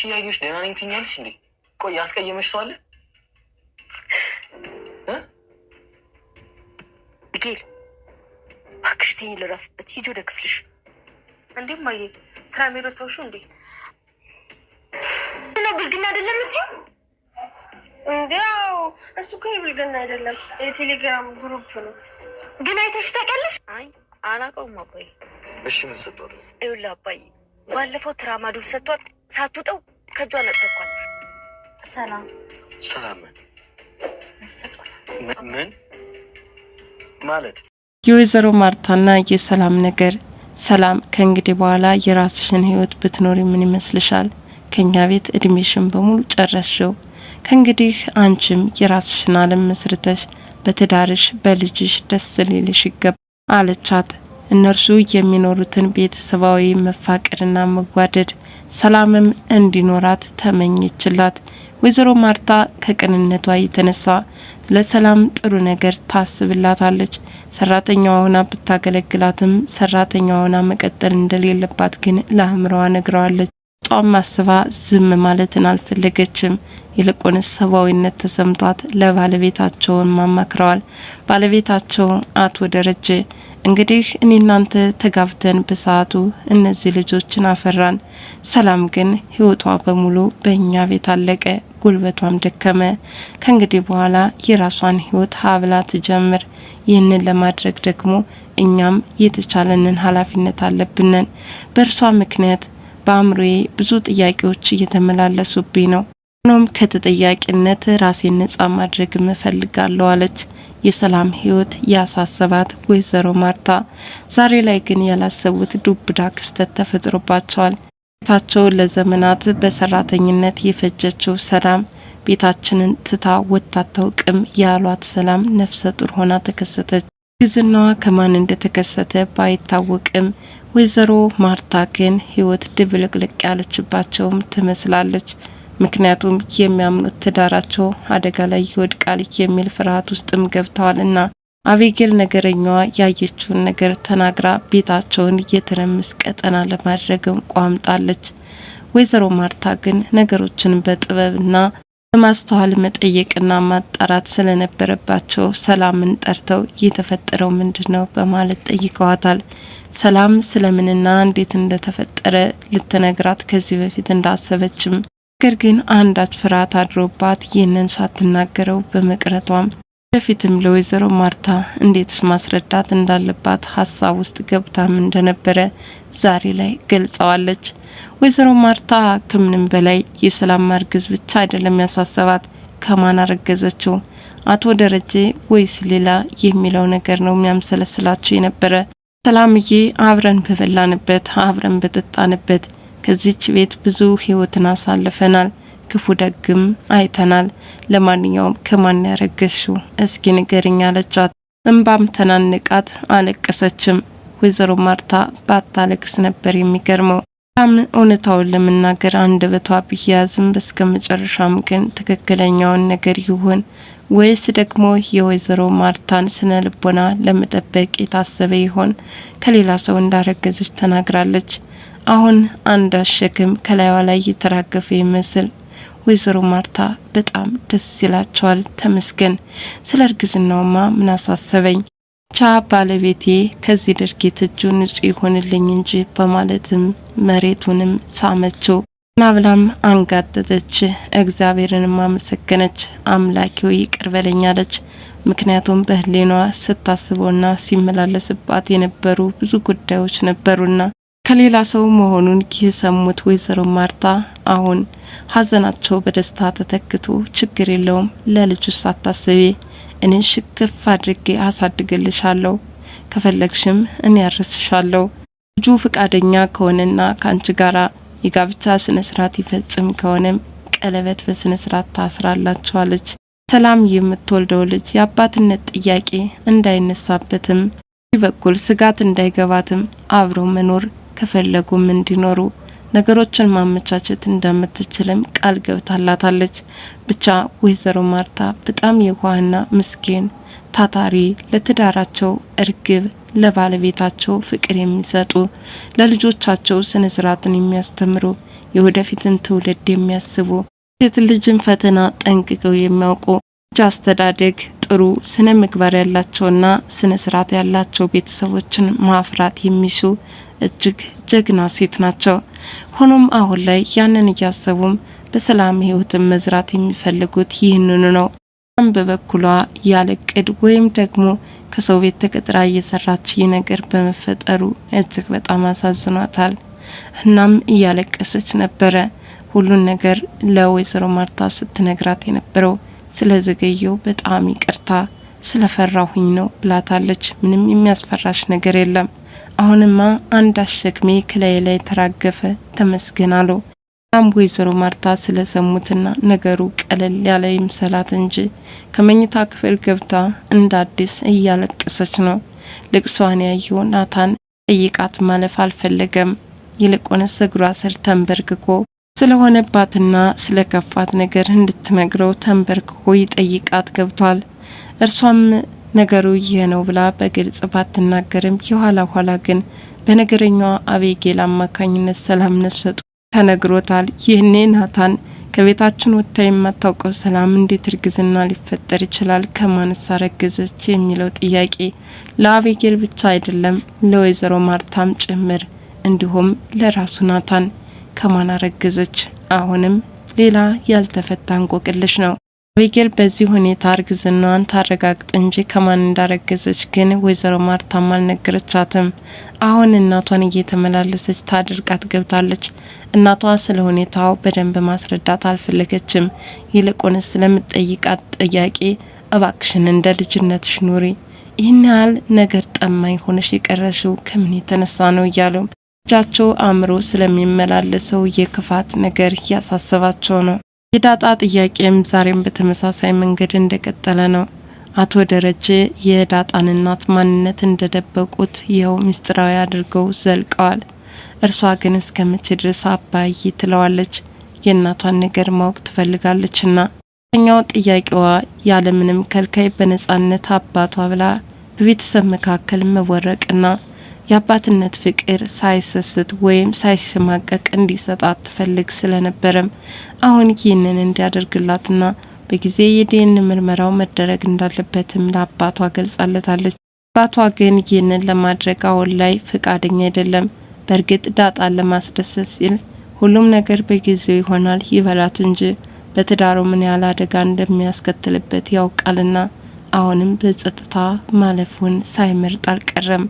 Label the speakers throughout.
Speaker 1: አይንሽ እያየሽ ደህና ነኝ ትኛለሽ እንዴ? ቆይ ያስቀየመሽ ሰው አለ?
Speaker 2: ጌል እባክሽ ተይኝ፣ ልረፍበት። ሂጂ ወደ ክፍልሽ። እንዴ ማየ ስራ ሜሮታውሹ እንዴ
Speaker 3: ነው ብልግና አይደለም እንጂ እንዲያው እሱ እኮ ብልግና አይደለም፣ የቴሌግራም ግሩፕ ነው።
Speaker 4: ግን አይተሽ ታውቂያለሽ? አይ አላውቀውም አባዬ። እሺ ምን ሰጧት? ይኸውልህ አባዬ ባለፈው ትራማዱል ሰጧት። ሳትውጠው ከእጇ ነጠኳል። ሰላም
Speaker 5: ሰላም ምን
Speaker 6: ማለት የወይዘሮ ማርታና የሰላም ነገር ሰላም ከእንግዲህ በኋላ የራስሽን ህይወት ብትኖሪ ምን ይመስልሻል? ከኛ ቤት እድሜሽን በሙሉ ጨረሽው። ከእንግዲህ አንቺም የራስሽን አለም መስርተሽ በትዳርሽ በልጅሽ ደስ ሊልሽ ይገባ አለቻት። እነርሱ የሚኖሩትን ቤተሰባዊ መፋቀርና መጓደድ ሰላምም እንዲኖራት ተመኘችላት። ወይዘሮ ማርታ ከቅንነቷ የተነሳ ለሰላም ጥሩ ነገር ታስብላታለች። ሰራተኛዋ ሆና ብታገለግላትም ሰራተኛ ሆና መቀጠል እንደሌለባት ግን ለአእምሮዋ ነግረዋለች። ጧም አስባ ዝም ማለትን አልፈለገችም። ይልቁን ሰብአዊነት ተሰምቷት ለባለቤታቸውን ማማክረዋል። ባለቤታቸው አቶ ደረጀ እንግዲህ እኔ እናንተ ተጋብተን በሰዓቱ እነዚህ ልጆችን አፈራን። ሰላም ግን ህይወቷ በሙሉ በእኛ ቤት አለቀ፣ ጉልበቷም ደከመ። ከእንግዲህ በኋላ የራሷን ህይወት ሀብላ ትጀምር። ይህንን ለማድረግ ደግሞ እኛም የተቻለንን ኃላፊነት አለብንን። በእርሷ ምክንያት በአእምሮዬ ብዙ ጥያቄዎች እየተመላለሱብኝ ነው። ሆኖም ከተጠያቂነት ራሴን ነጻ ማድረግ እፈልጋለሁ አለች። የሰላም ህይወት ያሳሰባት ወይዘሮ ማርታ ዛሬ ላይ ግን ያላሰቡት ዱብዳ ክስተት ተፈጥሮባቸዋል። ቤታቸው ለዘመናት በሰራተኝነት የፈጀችው ሰላም ቤታችንን ትታ ወጥታ አታውቅም ያሏት ሰላም ነፍሰ ጡር ሆና ተከሰተች። ግዝናዋ ከማን እንደተከሰተ ባይታወቅም ወይዘሮ ማርታ ግን ህይወት ድብልቅልቅ ያለችባቸውም ትመስላለች። ምክንያቱም የሚያምኑት ትዳራቸው አደጋ ላይ ይወድቃል የሚል ፍርሃት ውስጥም ገብተዋልና አቤጌል ነገረኛዋ ያየችውን ነገር ተናግራ ቤታቸውን የትርምስ ቀጠና ለማድረግም ቋምጣለች። ወይዘሮ ማርታ ግን ነገሮችን በጥበብና በማስተዋል መጠየቅና ማጣራት ስለነበረባቸው ሰላምን ጠርተው የተፈጠረው ምንድን ነው በማለት ጠይቀዋታል። ሰላም ስለምንና እንዴት እንደተፈጠረ ልትነግራት ከዚህ በፊት እንዳሰበችም ነገር ግን አንዳች ፍርሃት አድሮባት ይህንን ሳትናገረው በመቅረቷም በፊትም ለወይዘሮ ማርታ እንዴትስ ማስረዳት እንዳለባት ሀሳብ ውስጥ ገብታም እንደነበረ ዛሬ ላይ ገልጸዋለች። ወይዘሮ ማርታ ከምንም በላይ የሰላም ማርገዝ ብቻ አይደለም ያሳሰባት ከማን አረገዘችው አቶ ደረጀ ወይስ ሌላ የሚለው ነገር ነው የሚያምሰለስላቸው የነበረ። ሰላምዬ አብረን በበላንበት አብረን በጠጣንበት ከዚች ቤት ብዙ ህይወትን አሳልፈናል። ክፉ ደግም አይተናል። ለማንኛውም ከማን ያረገሽው እስኪ ንገርኝ አለቻት። እንባም ተናንቃት አለቀሰችም። ወይዘሮ ማርታ ባታለቅስ ነበር የሚገርመው። በጣም እውነታውን ለመናገር አንደበቷ ቢያዝም እስከ መጨረሻም ግን ትክክለኛውን ነገር ይሁን ወይስ ደግሞ የወይዘሮ ማርታን ስነ ልቦና ለመጠበቅ የታሰበ ይሆን? ከሌላ ሰው እንዳረገዘች ተናግራለች። አሁን አንድ ሸክም ከላይዋ ላይ እየተራገፈ ይመስል ወይዘሮ ማርታ በጣም ደስ ይላቸዋል። ተመስገን። ስለ እርግዝናውማ ምን አሳሰበኝ? ቻ ባለቤቴ ከዚህ ድርጊት እጁ ንጹሕ ይሆንልኝ እንጂ በማለትም መሬቱንም ሳመችው። ናብላም አንጋጠጠች፣ እግዚአብሔርንም አመሰገነች። አምላኪው ይቅር በለኝ አለች። ምክንያቱም በህሊኗ ስታስበውና ሲመላለስባት የነበሩ ብዙ ጉዳዮች ነበሩና ከሌላ ሰው መሆኑን የሰሙት ወይዘሮ ማርታ አሁን ሀዘናቸው በደስታ ተተክቶ ችግር የለውም ለልጁ ሳታስቤ እኔን ሽክፍ አድርጌ አሳድግልሻለሁ፣ ከፈለግሽም እኔ ያርስሻለሁ። ልጁ ፈቃደኛ ከሆነና ከአንቺ ጋራ የጋብቻ ስነ ስርዓት ይፈጽም ከሆነም ቀለበት በስነ ስርዓት ታስራላችኋለች። ሰላም የምትወልደው ልጅ የአባትነት ጥያቄ እንዳይነሳበትም በኩል ስጋት እንዳይገባትም አብሮ መኖር ከፈለጉም እንዲኖሩ ነገሮችን ማመቻቸት እንደምትችልም ቃል ገብታላታለች። ብቻ ወይዘሮ ማርታ በጣም የዋህና ምስኪን ታታሪ፣ ለትዳራቸው እርግብ፣ ለባለቤታቸው ፍቅር የሚሰጡ ለልጆቻቸው ስነ ስርዓትን የሚያስተምሩ የወደፊትን ትውልድ የሚያስቡ ሴት ልጅን ፈተና ጠንቅቀው የሚያውቁ ልጅ አስተዳደግ ጥሩ ስነ ምግባር ያላቸውና ስነ ስርዓት ያላቸው ቤተሰቦችን ማፍራት የሚሹ እጅግ ጀግና ሴት ናቸው። ሆኖም አሁን ላይ ያንን እያሰቡም በሰላም ህይወትን መዝራት የሚፈልጉት ይህንኑ ነው። ም በበኩሏ ያለቅድ ወይም ደግሞ ከሰው ቤት ተቀጥራ እየሰራች ይህ ነገር በመፈጠሩ እጅግ በጣም አሳዝኗታል። እናም እያለቀሰች ነበረ ሁሉን ነገር ለወይዘሮ ማርታ ስትነግራት የነበረው ስለ ዘገየው በጣም ይቅርታ ስለፈራሁኝ ነው ብላታለች። ምንም የሚያስፈራሽ ነገር የለም አሁንማ አንድ አሸክሜ ከላይ ላይ ተራገፈ፣ ተመስገን አለው። እናም ወይዘሮ ማርታ ስለሰሙትና ነገሩ ቀለል ያለ ይምሰላት እንጂ ከመኝታ ክፍል ገብታ እንደ አዲስ እያለቀሰች ነው። ልቅሷን ያየው ናታን ጠይቃት ማለፍ አልፈለገም። ይልቁንስ እግሯ ስር ተንበርክኮ ስለሆነባትና ስለከፋት ነገር እንድትነግረው ተንበርክኮ ይጠይቃት ገብቷል። እርሷም ነገሩ ይህ ነው ብላ በግልጽ ባትናገርም የኋላ ኋላ ግን በነገረኛዋ አቤጌል አማካኝነት ሰላም ነፍሰጡ ተነግሮታል። ይህኔ ናታን ከቤታችን ወጥታ የማታውቀው ሰላም እንዴት እርግዝና ሊፈጠር ይችላል? ከማንስ አረገዘች የሚለው ጥያቄ ለአቤጌል ብቻ አይደለም፣ ለወይዘሮ ማርታም ጭምር እንዲሁም ለራሱ ናታን ከማን አረገዘች? አሁንም ሌላ ያልተፈታ እንቆቅልሽ ነው። አቢጌል በዚህ ሁኔታ እርግዝናዋን ታረጋግጥ እንጂ ከማን እንዳረገዘች ግን ወይዘሮ ማርታም አልነገረቻትም። አሁን እናቷን እየተመላለሰች ታደርቃት ገብታለች። እናቷ ስለ ሁኔታው በደንብ ማስረዳት አልፈለገችም። ይልቁንስ ስለምጠይቃት ጥያቄ እባክሽን እንደ ልጅነትሽ ኑሪ፣ ይህን ያህል ነገር ጠማኝ ሆነሽ የቀረሽው ከምን የተነሳ ነው እያሉ እጃቸው አእምሮ ስለሚመላለሰው የክፋት ነገር እያሳሰባቸው ነው። የዳጣ ጥያቄም ዛሬም በተመሳሳይ መንገድ እንደቀጠለ ነው። አቶ ደረጀ የዳጣን እናት ማንነት እንደደበቁት ይኸው ምስጢራዊ አድርገው ዘልቀዋል። እርሷ ግን እስከ መቼ ድረስ አባይ ትለዋለች። የእናቷን ነገር ማወቅ ትፈልጋለችና ኛው ጥያቄዋ ያለምንም ከልካይ በነጻነት አባቷ ብላ በቤተሰብ መካከል መወረቅና የአባትነት ፍቅር ሳይሰስት ወይም ሳይሸማቀቅ እንዲሰጣት ትፈልግ ስለነበረም አሁን ይህንን እንዲያደርግላትና በጊዜ የዲኤን ምርመራው መደረግ እንዳለበትም ለአባቷ ገልጻለታለች። አባቷ ግን ይህንን ለማድረግ አሁን ላይ ፍቃደኛ አይደለም። በእርግጥ ዳጣን ለማስደሰት ሲል ሁሉም ነገር በጊዜው ይሆናል ይበላት እንጂ በትዳሩ ምን ያህል አደጋ እንደሚያስከትልበት ያውቃልና አሁንም በጸጥታ ማለፉን ሳይመርጥ አልቀረም።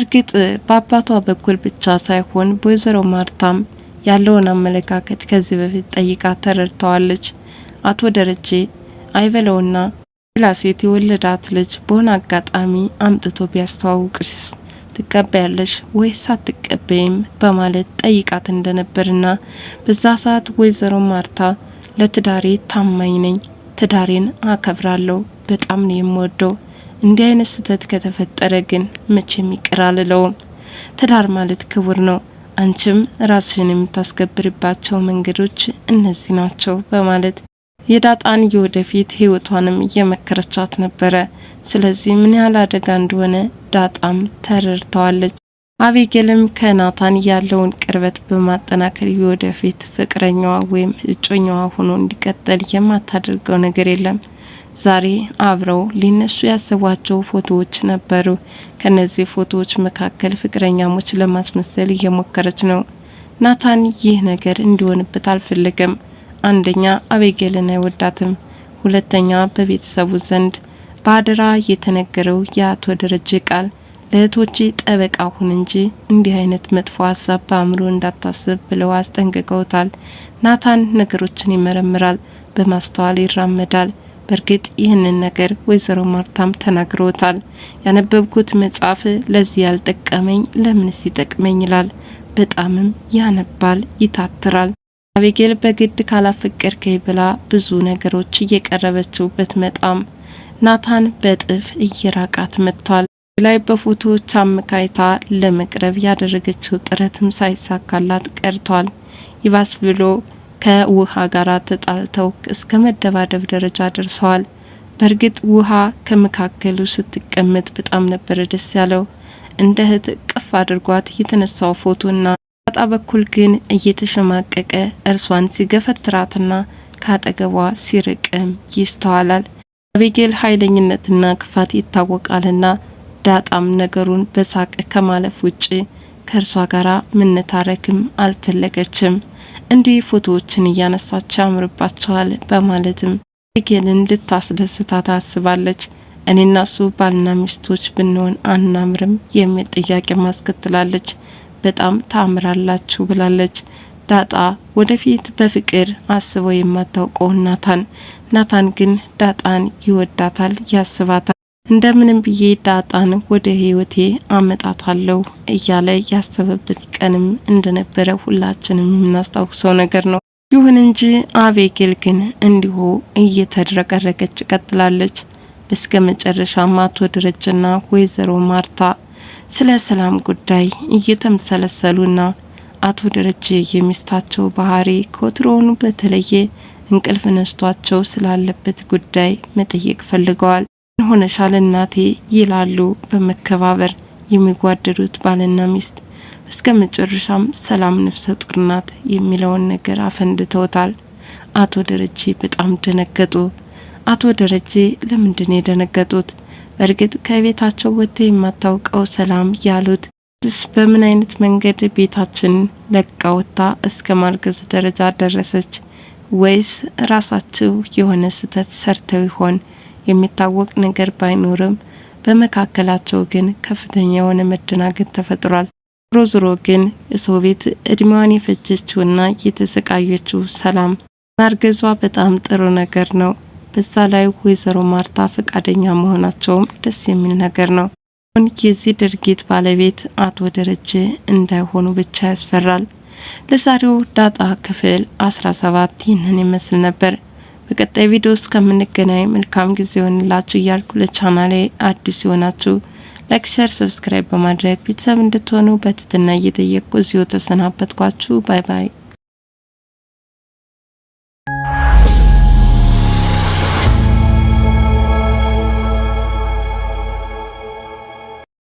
Speaker 6: እርግጥ በአባቷ በኩል ብቻ ሳይሆን በወይዘሮ ማርታም ያለውን አመለካከት ከዚህ በፊት ጠይቃ ተረድተዋለች። አቶ ደረጀ አይበለውና ሌላ ሴት የወለዳት ልጅ በሆነ አጋጣሚ አምጥቶ ቢያስተዋውቅስ ትቀበያለሽ ወይስ አትቀበይም በማለት ጠይቃት እንደነበርና በዛ ሰዓት ወይዘሮ ማርታ ለትዳሬ ታማኝ ነኝ፣ ትዳሬን አከብራለሁ፣ በጣም ነው የምወደው እንዲህ አይነት ስህተት ከተፈጠረ ግን መቼም ይቅር አልለውም። ትዳር ማለት ክቡር ነው። አንቺም ራስሽን የምታስከብርባቸው መንገዶች እነዚህ ናቸው በማለት የዳጣን የወደፊት ህይወቷንም እየመከረቻት ነበረ። ስለዚህ ምን ያህል አደጋ እንደሆነ ዳጣም ተረድተዋለች። አቤጌልም ከናታን ያለውን ቅርበት በማጠናከር የወደፊት ፍቅረኛዋ ወይም እጮኛዋ ሆኖ እንዲቀጠል የማታደርገው ነገር የለም። ዛሬ አብረው ሊነሱ ያሰቧቸው ፎቶዎች ነበሩ። ከነዚህ ፎቶዎች መካከል ፍቅረኛሞች ለማስመሰል እየሞከረች ነው። ናታን ይህ ነገር እንዲሆንበት አልፈለገም። አንደኛ አቤጌልን አይወዳትም፣ ሁለተኛ በቤተሰቡ ዘንድ በአደራ የተነገረው የአቶ ደረጀ ቃል ለእህቶቼ ጠበቃ ሁን እንጂ እንዲህ አይነት መጥፎ ሀሳብ በአእምሮ እንዳታስብ ብለው አስጠንቅቀውታል። ናታን ነገሮችን ይመረምራል፣ በማስተዋል ይራመዳል። በእርግጥ ይህንን ነገር ወይዘሮ ማርታም ተናግረውታል። ያነበብኩት መጽሐፍ ለዚህ ያልጠቀመኝ ለምንስ ይጠቅመኝ ይላል። በጣምም ያነባል፣ ይታትራል። አቤጌል በግድ ካላፈቀርከኝ ብላ ብዙ ነገሮች እየቀረበችውበት መጣም ናታን በጥፍ እየራቃት መጥቷል። ላይ በፎቶዎች አመካኝታ ለመቅረብ ያደረገችው ጥረትም ሳይሳካላት ቀርቷል። ይባስ ብሎ ከውሃ ጋር ተጣልተው እስከ መደባደብ ደረጃ ደርሰዋል። በእርግጥ ውሃ ከመካከሉ ስትቀመጥ በጣም ነበረ ደስ ያለው። እንደ እህት ቅፍ አድርጓት የተነሳው ፎቶና ጣጣ በኩል ግን እየተሸማቀቀ እርሷን ሲገፈትራትና ከአጠገቧ ሲርቅም ይስተዋላል። አቤጌል ኃይለኝነትና ክፋት ይታወቃልና ዳጣም ነገሩን በሳቅ ከማለፍ ውጭ ከእርሷ ጋር መነታረክም አልፈለገችም። እንዲህ ፎቶዎችን እያነሳች ያምርባቸዋል በማለትም ጌልን ልታስደስታት ታስባለች። እኔና እሱ ባልና ሚስቶች ብንሆን አናምርም የሚል ጥያቄ ማስከትላለች። በጣም ታምራላችሁ ብላለች። ዳጣ ወደፊት በፍቅር አስበው የማታውቀው ናታን ናታን ግን ዳጣን ይወዳታል፣ ያስባታል። እንደምንም ብዬ ዳጣን ወደ ህይወቴ አመጣታለሁ እያለ ያሰበበት ቀንም እንደነበረ ሁላችንም የምናስታውሰው ነገር ነው። ይሁን እንጂ አቤጌል ግን እንዲሁ እየተድረቀረቀች ቀጥላለች። እስከ መጨረሻም አቶ ደረጀና ወይዘሮ ማርታ ስለ ሰላም ጉዳይ እየተምሰለሰሉና አቶ ደረጀ የሚስታቸው ባህሪ ከወትሮውኑ በተለየ እንቅልፍ ነስቷቸው ስላለበት ጉዳይ መጠየቅ ፈልገዋል። ሆነሻል እናቴ ይላሉ በመከባበር የሚጓደዱት ባልና ሚስት እስከ መጨረሻም ሰላም ነፍሰ ጡር ናት የሚለውን ነገር አፈንድተውታል። አቶ ደረጀ በጣም ደነገጡ። አቶ ደረጀ ለምንድን የደነገጡት? በእርግጥ ከቤታቸው ወጥተው የማታውቀው ሰላም ያሉት ስ በምን አይነት መንገድ ቤታችን ለቃ ወጥታ እስከ ማርገዝ ደረጃ ደረሰች? ወይስ ራሳቸው የሆነ ስህተት ሰርተው ይሆን? የሚታወቅ ነገር ባይኖርም በመካከላቸው ግን ከፍተኛ የሆነ መደናገጥ ተፈጥሯል። ዞሮ ዞሮ ግን ቤት እድሜዋን የፈጀችውና የተሰቃየችው ሰላም ማርገዟ በጣም ጥሩ ነገር ነው። በዛ ላይ ወይዘሮ ማርታ ፈቃደኛ መሆናቸውም ደስ የሚል ነገር ነው። አሁን የዚህ ድርጊት ባለቤት አቶ ደረጀ እንዳይሆኑ ብቻ ያስፈራል። ለዛሬው ዳጣ ክፍል 17 ይህንን ይመስል ነበር። በቀጣይ ቪዲዮ ውስጥ ከምንገናኝ መልካም ጊዜ ሆንላችሁ እያልኩ ለቻናሌ አዲስ ሆናችሁ ላይክ፣ ሸር፣ ሰብስክራይብ በማድረግ ቤተሰብ እንድትሆኑ በትህትና እየጠየቅኩ እዚሁ ተሰናበትኳችሁ። ባይ ባይ።